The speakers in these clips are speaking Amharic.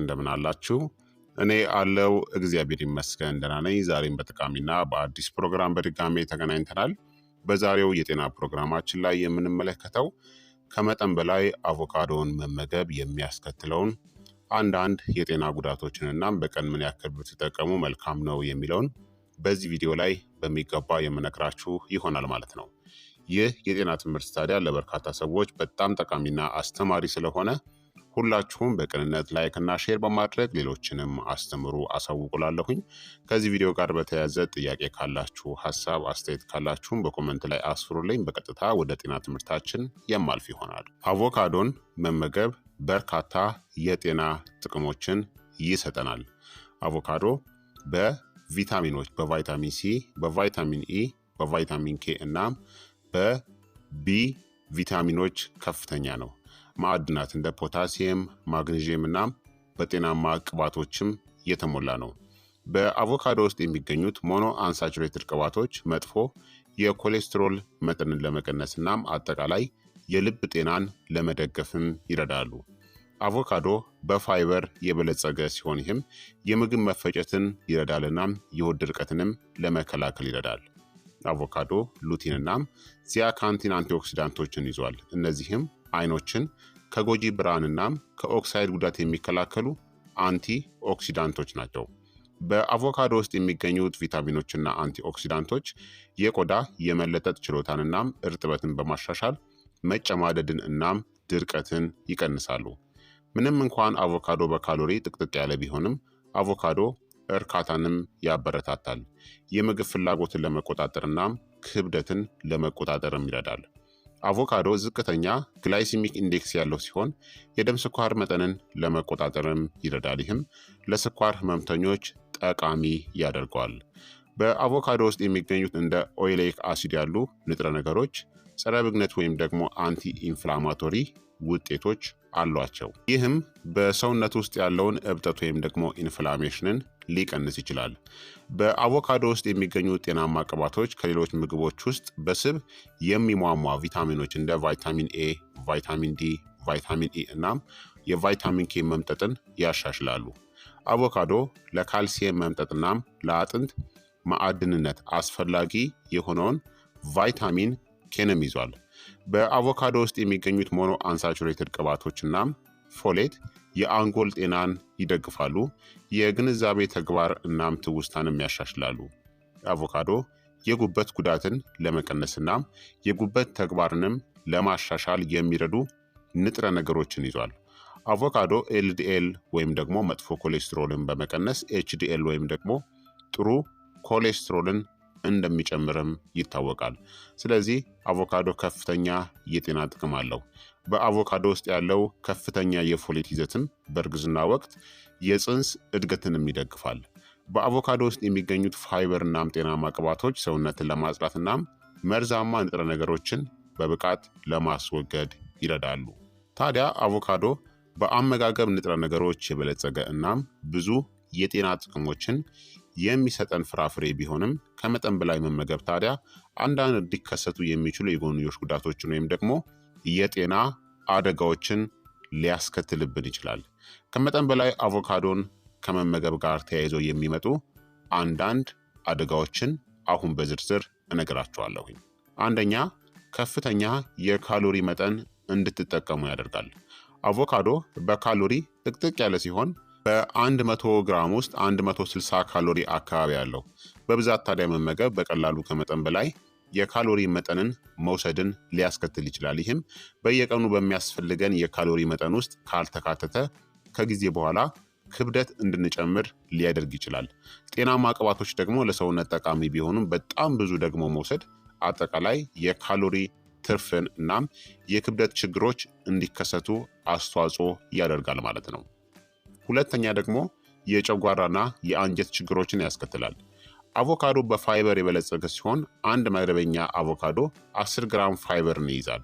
እንደምን አላችሁ? እኔ አለው እግዚአብሔር ይመስገን ደህና ነኝ። ዛሬም በጠቃሚና በአዲስ ፕሮግራም በድጋሜ ተገናኝተናል። በዛሬው የጤና ፕሮግራማችን ላይ የምንመለከተው ከመጠን በላይ አቮካዶን መመገብ የሚያስከትለውን አንዳንድ የጤና ጉዳቶችን እናም በቀን ምን ያክል ብትጠቀሙ መልካም ነው የሚለውን በዚህ ቪዲዮ ላይ በሚገባ የምነግራችሁ ይሆናል ማለት ነው። ይህ የጤና ትምህርት ታዲያ ለበርካታ ሰዎች በጣም ጠቃሚና አስተማሪ ስለሆነ ሁላችሁም በቅንነት እና ሼር በማድረግ ሌሎችንም አስተምሩ አሳውቁላለሁኝ። ከዚህ ቪዲዮ ጋር በተያያዘ ጥያቄ ካላችሁ፣ ሀሳብ አስተያየት ካላችሁም በኮመንት ላይ አስፍሩልኝ። በቀጥታ ወደ ጤና ትምህርታችን የማልፍ ይሆናል። አቮካዶን መመገብ በርካታ የጤና ጥቅሞችን ይሰጠናል። አቮካዶ በቪታሚኖች በቫይታሚን ሲ፣ በቫይታሚን ኢ፣ በቫይታሚን ኬ እናም በቢ ቪታሚኖች ከፍተኛ ነው። ማዕድናት እንደ ፖታሲየም፣ ማግኔዥየም እና በጤናማ ቅባቶችም የተሞላ ነው። በአቮካዶ ውስጥ የሚገኙት ሞኖ አንሳቹሬትድ ቅባቶች መጥፎ የኮሌስትሮል መጠንን ለመቀነስ እናም አጠቃላይ የልብ ጤናን ለመደገፍም ይረዳሉ። አቮካዶ በፋይበር የበለጸገ ሲሆን ይህም የምግብ መፈጨትን ይረዳል እናም የሆድ ድርቀትንም ለመከላከል ይረዳል። አቮካዶ ሉቲንናም ዚያካንቲን አንቲኦክሲዳንቶችን ይዟል። እነዚህም አይኖችን ከጎጂ ብርሃንና ከኦክሳይድ ጉዳት የሚከላከሉ አንቲ ኦክሲዳንቶች ናቸው። በአቮካዶ ውስጥ የሚገኙት ቪታሚኖችና አንቲ ኦክሲዳንቶች የቆዳ የመለጠጥ ችሎታንና እርጥበትን በማሻሻል መጨማደድን እናም ድርቀትን ይቀንሳሉ። ምንም እንኳን አቮካዶ በካሎሪ ጥቅጥቅ ያለ ቢሆንም አቮካዶ እርካታንም ያበረታታል። የምግብ ፍላጎትን ለመቆጣጠር እናም ክብደትን ለመቆጣጠርም ይረዳል። አቮካዶ ዝቅተኛ ግላይሲሚክ ኢንዴክስ ያለው ሲሆን የደም ስኳር መጠንን ለመቆጣጠርም ይረዳል። ይህም ለስኳር ህመምተኞች ጠቃሚ ያደርገዋል። በአቮካዶ ውስጥ የሚገኙት እንደ ኦይሌክ አሲድ ያሉ ንጥረ ነገሮች ጸረ ብግነት ወይም ደግሞ አንቲ ኢንፍላማቶሪ ውጤቶች አሏቸው። ይህም በሰውነት ውስጥ ያለውን እብጠት ወይም ደግሞ ኢንፍላሜሽንን ሊቀንስ ይችላል። በአቮካዶ ውስጥ የሚገኙ ጤናማ ቅባቶች ከሌሎች ምግቦች ውስጥ በስብ የሚሟሟ ቪታሚኖች እንደ ቫይታሚን ኤ፣ ቫይታሚን ዲ፣ ቫይታሚን ኢ እናም የቫይታሚን ኬ መምጠጥን ያሻሽላሉ። አቮካዶ ለካልሲየም መምጠጥ እናም ለአጥንት ማዕድንነት አስፈላጊ የሆነውን ቫይታሚን ኬንም ይዟል። በአቮካዶ ውስጥ የሚገኙት ሞኖ አንሳቹሬትድ ቅባቶችናም ፎሌት የአንጎል ጤናን ይደግፋሉ፣ የግንዛቤ ተግባር እናም ትውስታንም ያሻሽላሉ። አቮካዶ የጉበት ጉዳትን ለመቀነስ እናም የጉበት ተግባርንም ለማሻሻል የሚረዱ ንጥረ ነገሮችን ይዟል። አቮካዶ ኤልዲኤል ወይም ደግሞ መጥፎ ኮሌስትሮልን በመቀነስ ኤችዲኤል ወይም ደግሞ ጥሩ ኮሌስትሮልን እንደሚጨምርም ይታወቃል። ስለዚህ አቮካዶ ከፍተኛ የጤና ጥቅም አለው። በአቮካዶ ውስጥ ያለው ከፍተኛ የፎሌት ይዘትን በእርግዝና ወቅት የፅንስ እድገትንም ይደግፋል። በአቮካዶ ውስጥ የሚገኙት ፋይበር እናም ጤናማ ቅባቶች ሰውነትን ለማጽዳት እናም መርዛማ ንጥረ ነገሮችን በብቃት ለማስወገድ ይረዳሉ። ታዲያ አቮካዶ በአመጋገብ ንጥረ ነገሮች የበለጸገ እናም ብዙ የጤና ጥቅሞችን የሚሰጠን ፍራፍሬ ቢሆንም ከመጠን በላይ መመገብ ታዲያ አንዳንድ ሊከሰቱ የሚችሉ የጎንዮሽ ጉዳቶችን ወይም ደግሞ የጤና አደጋዎችን ሊያስከትልብን ይችላል። ከመጠን በላይ አቮካዶን ከመመገብ ጋር ተያይዞ የሚመጡ አንዳንድ አደጋዎችን አሁን በዝርዝር እነግራችኋለሁኝ። አንደኛ ከፍተኛ የካሎሪ መጠን እንድትጠቀሙ ያደርጋል። አቮካዶ በካሎሪ ጥቅጥቅ ያለ ሲሆን በ100 ግራም ውስጥ 160 ካሎሪ አካባቢ አለው። በብዛት ታዲያ መመገብ በቀላሉ ከመጠን በላይ የካሎሪ መጠንን መውሰድን ሊያስከትል ይችላል። ይህም በየቀኑ በሚያስፈልገን የካሎሪ መጠን ውስጥ ካልተካተተ ከጊዜ በኋላ ክብደት እንድንጨምር ሊያደርግ ይችላል። ጤናማ ቅባቶች ደግሞ ለሰውነት ጠቃሚ ቢሆኑም በጣም ብዙ ደግሞ መውሰድ አጠቃላይ የካሎሪ ትርፍን እናም የክብደት ችግሮች እንዲከሰቱ አስተዋጽኦ ያደርጋል ማለት ነው። ሁለተኛ ደግሞ የጨጓራና የአንጀት ችግሮችን ያስከትላል። አቮካዶ በፋይበር የበለጸገ ሲሆን አንድ መደበኛ አቮካዶ 10 ግራም ፋይበርን ይይዛል።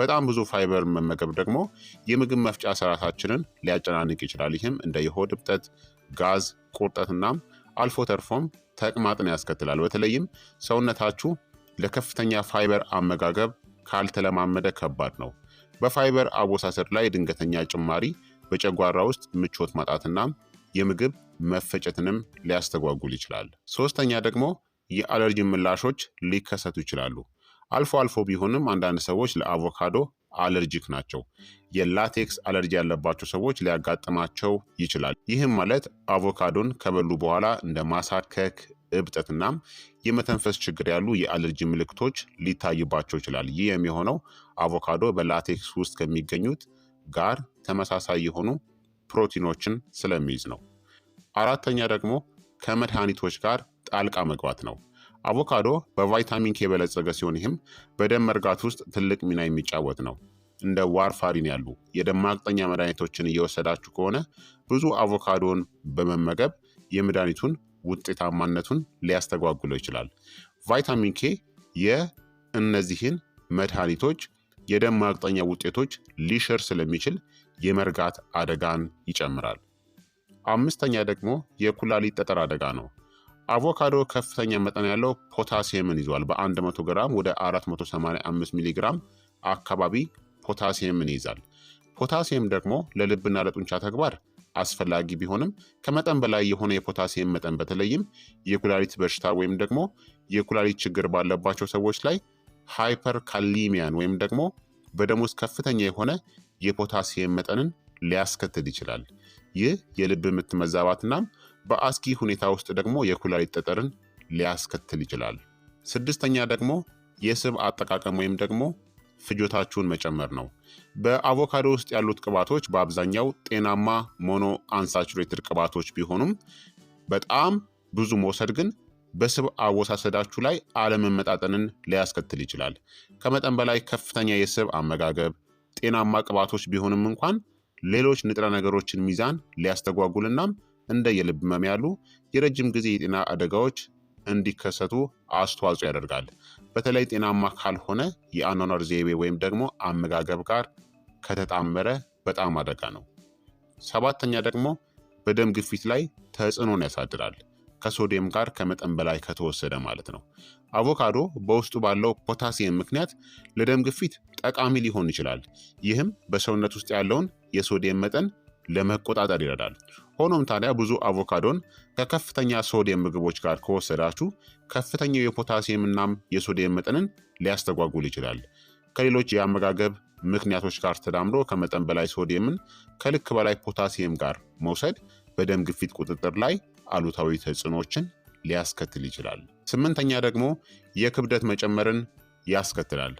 በጣም ብዙ ፋይበር መመገብ ደግሞ የምግብ መፍጫ ስርዓታችንን ሊያጨናንቅ ይችላል። ይህም እንደ የሆድ እብጠት፣ ጋዝ፣ ቁርጠትናም አልፎ ተርፎም ተቅማጥን ያስከትላል። በተለይም ሰውነታችሁ ለከፍተኛ ፋይበር አመጋገብ ካልተለማመደ ከባድ ነው። በፋይበር አወሳሰድ ላይ ድንገተኛ ጭማሪ በጨጓራ ውስጥ ምቾት ማጣትናም የምግብ መፈጨትንም ሊያስተጓጉል ይችላል። ሶስተኛ ደግሞ የአለርጂ ምላሾች ሊከሰቱ ይችላሉ። አልፎ አልፎ ቢሆንም አንዳንድ ሰዎች ለአቮካዶ አለርጂክ ናቸው። የላቴክስ አለርጂ ያለባቸው ሰዎች ሊያጋጥማቸው ይችላል። ይህም ማለት አቮካዶን ከበሉ በኋላ እንደ ማሳከክ፣ እብጠትናም የመተንፈስ ችግር ያሉ የአለርጂ ምልክቶች ሊታይባቸው ይችላል። ይህ የሚሆነው አቮካዶ በላቴክስ ውስጥ ከሚገኙት ጋር ተመሳሳይ የሆኑ ፕሮቲኖችን ስለሚይዝ ነው። አራተኛ ደግሞ ከመድኃኒቶች ጋር ጣልቃ መግባት ነው። አቮካዶ በቫይታሚን ኬ የበለጸገ ሲሆን ይህም በደም መርጋት ውስጥ ትልቅ ሚና የሚጫወት ነው። እንደ ዋርፋሪን ያሉ የደም ማቅጠኛ መድኃኒቶችን እየወሰዳችሁ ከሆነ ብዙ አቮካዶን በመመገብ የመድኃኒቱን ውጤታማነቱን ሊያስተጓጉለው ይችላል። ቫይታሚን ኬ የእነዚህን መድኃኒቶች የደም ማቅጠኛ ውጤቶች ሊሽር ስለሚችል የመርጋት አደጋን ይጨምራል። አምስተኛ ደግሞ የኩላሊት ጠጠር አደጋ ነው። አቮካዶ ከፍተኛ መጠን ያለው ፖታሲየምን ይዟል። በ100 ግራም ወደ 485 ሚሊ ግራም አካባቢ ፖታሲየምን ይይዛል። ፖታሲየም ደግሞ ለልብና ለጡንቻ ተግባር አስፈላጊ ቢሆንም ከመጠን በላይ የሆነ የፖታሲየም መጠን በተለይም የኩላሊት በሽታ ወይም ደግሞ የኩላሊት ችግር ባለባቸው ሰዎች ላይ ሃይፐርካሊሚያን ወይም ደግሞ በደም ውስጥ ከፍተኛ የሆነ የፖታሲየም መጠንን ሊያስከትል ይችላል። ይህ የልብ ምት መዛባትናም በአስጊ ሁኔታ ውስጥ ደግሞ የኩላሊት ጠጠርን ሊያስከትል ይችላል። ስድስተኛ ደግሞ የስብ አጠቃቀም ወይም ደግሞ ፍጆታችሁን መጨመር ነው። በአቮካዶ ውስጥ ያሉት ቅባቶች በአብዛኛው ጤናማ ሞኖ አንሳቹሬትድ ቅባቶች ቢሆኑም በጣም ብዙ መውሰድ ግን በስብ አወሳሰዳችሁ ላይ አለመመጣጠንን ሊያስከትል ይችላል። ከመጠን በላይ ከፍተኛ የስብ አመጋገብ ጤናማ ቅባቶች ቢሆንም እንኳን ሌሎች ንጥረ ነገሮችን ሚዛን ሊያስተጓጉልናም እንደ የልብ ህመም ያሉ የረጅም ጊዜ የጤና አደጋዎች እንዲከሰቱ አስተዋጽኦ ያደርጋል። በተለይ ጤናማ ካልሆነ የአኗኗር ዘይቤ ወይም ደግሞ አመጋገብ ጋር ከተጣመረ በጣም አደጋ ነው። ሰባተኛ ደግሞ በደም ግፊት ላይ ተጽዕኖን ያሳድራል። ከሶዲየም ጋር ከመጠን በላይ ከተወሰደ ማለት ነው። አቮካዶ በውስጡ ባለው ፖታሲየም ምክንያት ለደም ግፊት ጠቃሚ ሊሆን ይችላል። ይህም በሰውነት ውስጥ ያለውን የሶዲየም መጠን ለመቆጣጠር ይረዳል። ሆኖም ታዲያ ብዙ አቮካዶን ከከፍተኛ ሶዲየም ምግቦች ጋር ከወሰዳችሁ ከፍተኛው የፖታሲየም እናም የሶዲየም መጠንን ሊያስተጓጉል ይችላል። ከሌሎች የአመጋገብ ምክንያቶች ጋር ተዳምሮ ከመጠን በላይ ሶዲየምን ከልክ በላይ ፖታሲየም ጋር መውሰድ በደም ግፊት ቁጥጥር ላይ አሉታዊ ተጽዕኖችን ሊያስከትል ይችላል። ስምንተኛ ደግሞ የክብደት መጨመርን ያስከትላል።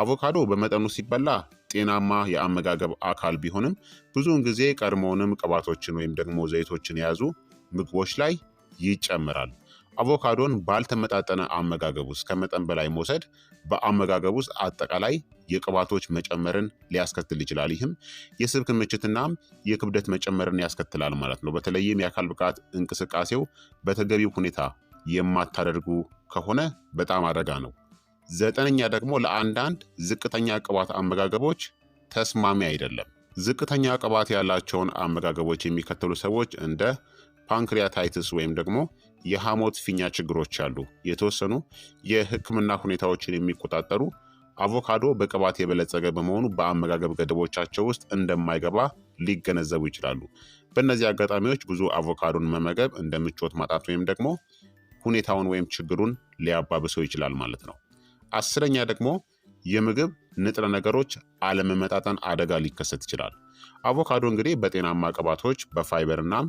አቮካዶ በመጠኑ ሲበላ ጤናማ የአመጋገብ አካል ቢሆንም ብዙውን ጊዜ ቀድሞውንም ቅባቶችን ወይም ደግሞ ዘይቶችን የያዙ ምግቦች ላይ ይጨምራል። አቮካዶን ባልተመጣጠነ አመጋገብ ውስጥ ከመጠን በላይ መውሰድ በአመጋገብ ውስጥ አጠቃላይ የቅባቶች መጨመርን ሊያስከትል ይችላል። ይህም የስብ ክምችትናም የክብደት መጨመርን ያስከትላል ማለት ነው። በተለይም የአካል ብቃት እንቅስቃሴው በተገቢው ሁኔታ የማታደርጉ ከሆነ በጣም አደጋ ነው። ዘጠነኛ ደግሞ ለአንዳንድ ዝቅተኛ ቅባት አመጋገቦች ተስማሚ አይደለም። ዝቅተኛ ቅባት ያላቸውን አመጋገቦች የሚከተሉ ሰዎች እንደ ፓንክሪያታይትስ ወይም ደግሞ የሐሞት ፊኛ ችግሮች አሉ። የተወሰኑ የሕክምና ሁኔታዎችን የሚቆጣጠሩ አቮካዶ በቅባት የበለጸገ በመሆኑ በአመጋገብ ገደቦቻቸው ውስጥ እንደማይገባ ሊገነዘቡ ይችላሉ። በእነዚህ አጋጣሚዎች ብዙ አቮካዶን መመገብ እንደ ምቾት ማጣት ወይም ደግሞ ሁኔታውን ወይም ችግሩን ሊያባብሰው ይችላል ማለት ነው። አስረኛ ደግሞ የምግብ ንጥረ ነገሮች አለመመጣጠን አደጋ ሊከሰት ይችላል። አቮካዶ እንግዲህ በጤናማ ቅባቶች በፋይበር እናም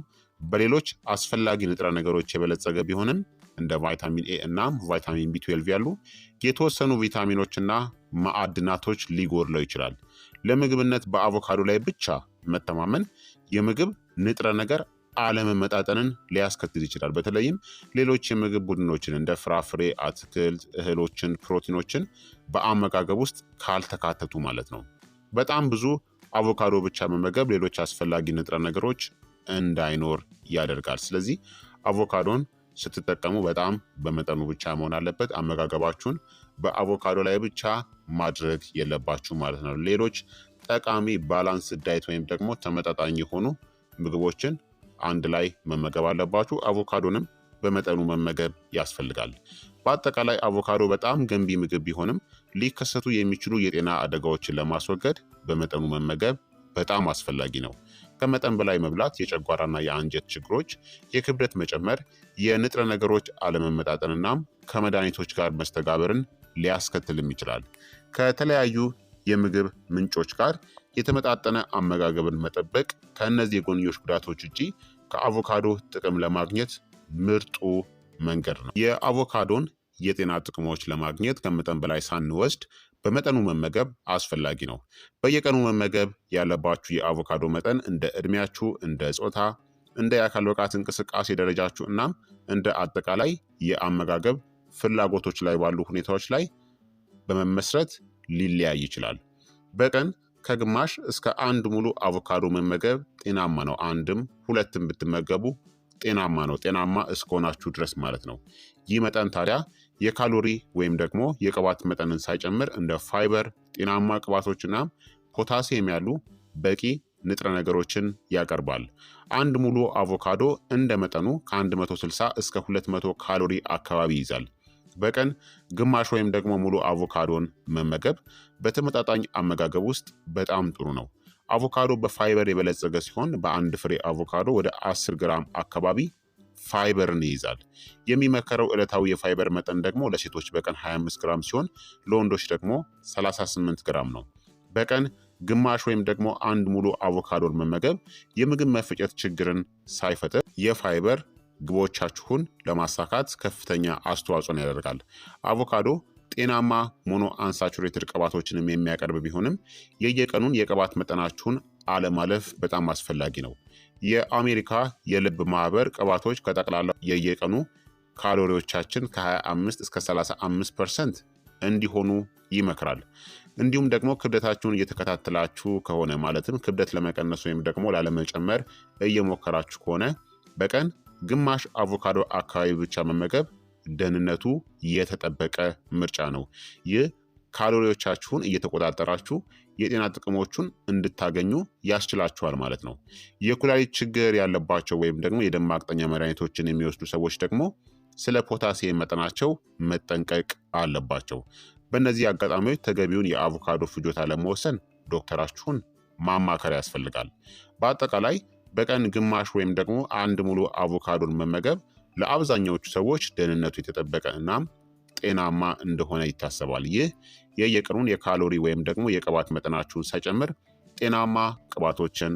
በሌሎች አስፈላጊ ንጥረ ነገሮች የበለጸገ ቢሆንም እንደ ቫይታሚን ኤ እናም ቫይታሚን ቢ ያሉ የተወሰኑ ቪታሚኖችና ማዕድናቶች ሊጎድለው ይችላል። ለምግብነት በአቮካዶ ላይ ብቻ መተማመን የምግብ ንጥረ ነገር አለመመጣጠንን ሊያስከትል ይችላል። በተለይም ሌሎች የምግብ ቡድኖችን እንደ ፍራፍሬ፣ አትክልት፣ እህሎችን፣ ፕሮቲኖችን በአመጋገብ ውስጥ ካልተካተቱ ማለት ነው። በጣም ብዙ አቮካዶ ብቻ መመገብ ሌሎች አስፈላጊ ንጥረ ነገሮች እንዳይኖር ያደርጋል። ስለዚህ አቮካዶን ስትጠቀሙ በጣም በመጠኑ ብቻ መሆን አለበት። አመጋገባችሁን በአቮካዶ ላይ ብቻ ማድረግ የለባችሁ ማለት ነው። ሌሎች ጠቃሚ ባላንስ ዳይት ወይም ደግሞ ተመጣጣኝ የሆኑ ምግቦችን አንድ ላይ መመገብ አለባችሁ። አቮካዶንም በመጠኑ መመገብ ያስፈልጋል። በአጠቃላይ አቮካዶ በጣም ገንቢ ምግብ ቢሆንም ሊከሰቱ የሚችሉ የጤና አደጋዎችን ለማስወገድ በመጠኑ መመገብ በጣም አስፈላጊ ነው። ከመጠን በላይ መብላት የጨጓራና የአንጀት ችግሮች፣ የክብደት መጨመር፣ የንጥረ ነገሮች አለመመጣጠንናም ከመድኃኒቶች ጋር መስተጋበርን ሊያስከትልም ይችላል። ከተለያዩ የምግብ ምንጮች ጋር የተመጣጠነ አመጋገብን መጠበቅ ከእነዚህ የጎንዮሽ ጉዳቶች ውጪ ከአቮካዶ ጥቅም ለማግኘት ምርጡ መንገድ ነው። የአቮካዶን የጤና ጥቅሞች ለማግኘት ከመጠን በላይ ሳንወስድ በመጠኑ መመገብ አስፈላጊ ነው። በየቀኑ መመገብ ያለባችሁ የአቮካዶ መጠን እንደ እድሜያችሁ እንደ ጾታ፣ እንደ የአካል ብቃት እንቅስቃሴ ደረጃችሁ እናም እንደ አጠቃላይ የአመጋገብ ፍላጎቶች ላይ ባሉ ሁኔታዎች ላይ በመመስረት ሊለያይ ይችላል። በቀን ከግማሽ እስከ አንድ ሙሉ አቮካዶ መመገብ ጤናማ ነው። አንድም ሁለትም ብትመገቡ ጤናማ ነው፣ ጤናማ እስከሆናችሁ ድረስ ማለት ነው። ይህ መጠን ታዲያ የካሎሪ ወይም ደግሞ የቅባት መጠንን ሳይጨምር እንደ ፋይበር፣ ጤናማ ቅባቶችና ፖታሲየም ያሉ በቂ ንጥረ ነገሮችን ያቀርባል። አንድ ሙሉ አቮካዶ እንደ መጠኑ ከ160 እስከ 200 ካሎሪ አካባቢ ይይዛል። በቀን ግማሽ ወይም ደግሞ ሙሉ አቮካዶን መመገብ በተመጣጣኝ አመጋገብ ውስጥ በጣም ጥሩ ነው። አቮካዶ በፋይበር የበለጸገ ሲሆን በአንድ ፍሬ አቮካዶ ወደ 10 ግራም አካባቢ ፋይበርን ይይዛል። የሚመከረው ዕለታዊ የፋይበር መጠን ደግሞ ለሴቶች በቀን 25 ግራም ሲሆን ለወንዶች ደግሞ 38 ግራም ነው። በቀን ግማሽ ወይም ደግሞ አንድ ሙሉ አቮካዶን መመገብ የምግብ መፈጨት ችግርን ሳይፈጥር የፋይበር ግቦቻችሁን ለማሳካት ከፍተኛ አስተዋጽኦን ያደርጋል። አቮካዶ ጤናማ ሞኖ አንሳቹሬትድ ቅባቶችንም የሚያቀርብ ቢሆንም የየቀኑን የቅባት መጠናችሁን አለማለፍ በጣም አስፈላጊ ነው። የአሜሪካ የልብ ማህበር ቅባቶች ከጠቅላላ የየቀኑ ካሎሪዎቻችን ከ25 እስከ 35 ፐርሰንት እንዲሆኑ ይመክራል። እንዲሁም ደግሞ ክብደታችሁን እየተከታተላችሁ ከሆነ ማለትም ክብደት ለመቀነስ ወይም ደግሞ ላለመጨመር እየሞከራችሁ ከሆነ በቀን ግማሽ አቮካዶ አካባቢ ብቻ መመገብ ደህንነቱ የተጠበቀ ምርጫ ነው። ይህ ካሎሪዎቻችሁን እየተቆጣጠራችሁ የጤና ጥቅሞቹን እንድታገኙ ያስችላችኋል ማለት ነው። የኩላሊት ችግር ያለባቸው ወይም ደግሞ የደም ማቅጠኛ መድኃኒቶችን የሚወስዱ ሰዎች ደግሞ ስለ ፖታሲየም መጠናቸው መጠንቀቅ አለባቸው። በእነዚህ አጋጣሚዎች ተገቢውን የአቮካዶ ፍጆታ ለመወሰን ዶክተራችሁን ማማከር ያስፈልጋል። በአጠቃላይ በቀን ግማሽ ወይም ደግሞ አንድ ሙሉ አቮካዶን መመገብ ለአብዛኛዎቹ ሰዎች ደህንነቱ የተጠበቀ እናም ጤናማ እንደሆነ ይታሰባል። ይህ የየቀኑን የካሎሪ ወይም ደግሞ የቅባት መጠናችሁን ሳይጨምር ጤናማ ቅባቶችን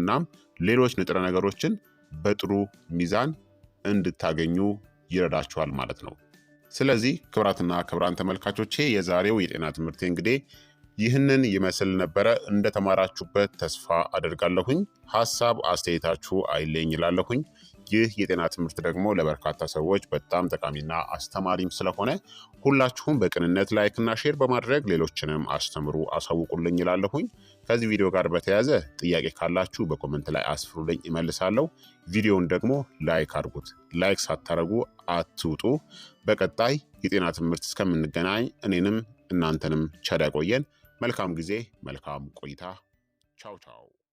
እናም ሌሎች ንጥረ ነገሮችን በጥሩ ሚዛን እንድታገኙ ይረዳችኋል ማለት ነው። ስለዚህ ክብራትና ክብራን ተመልካቾቼ የዛሬው የጤና ትምህርቴ እንግዲህ ይህንን ይመስል ነበረ። እንደተማራችሁበት ተስፋ አደርጋለሁኝ። ሀሳብ አስተያየታችሁ አይለኝ ይላለሁኝ። ይህ የጤና ትምህርት ደግሞ ለበርካታ ሰዎች በጣም ጠቃሚና አስተማሪም ስለሆነ ሁላችሁም በቅንነት ላይክና ሼር በማድረግ ሌሎችንም አስተምሩ፣ አሳውቁልኝ ይላለሁኝ። ከዚህ ቪዲዮ ጋር በተያያዘ ጥያቄ ካላችሁ በኮመንት ላይ አስፍሩልኝ፣ ይመልሳለሁ። ቪዲዮውን ደግሞ ላይክ አድርጉት። ላይክ ሳታደርጉ አትውጡ። በቀጣይ የጤና ትምህርት እስከምንገናኝ እኔንም እናንተንም ቸር ያቆየን። መልካም ጊዜ፣ መልካም ቆይታ። ቻው ቻው።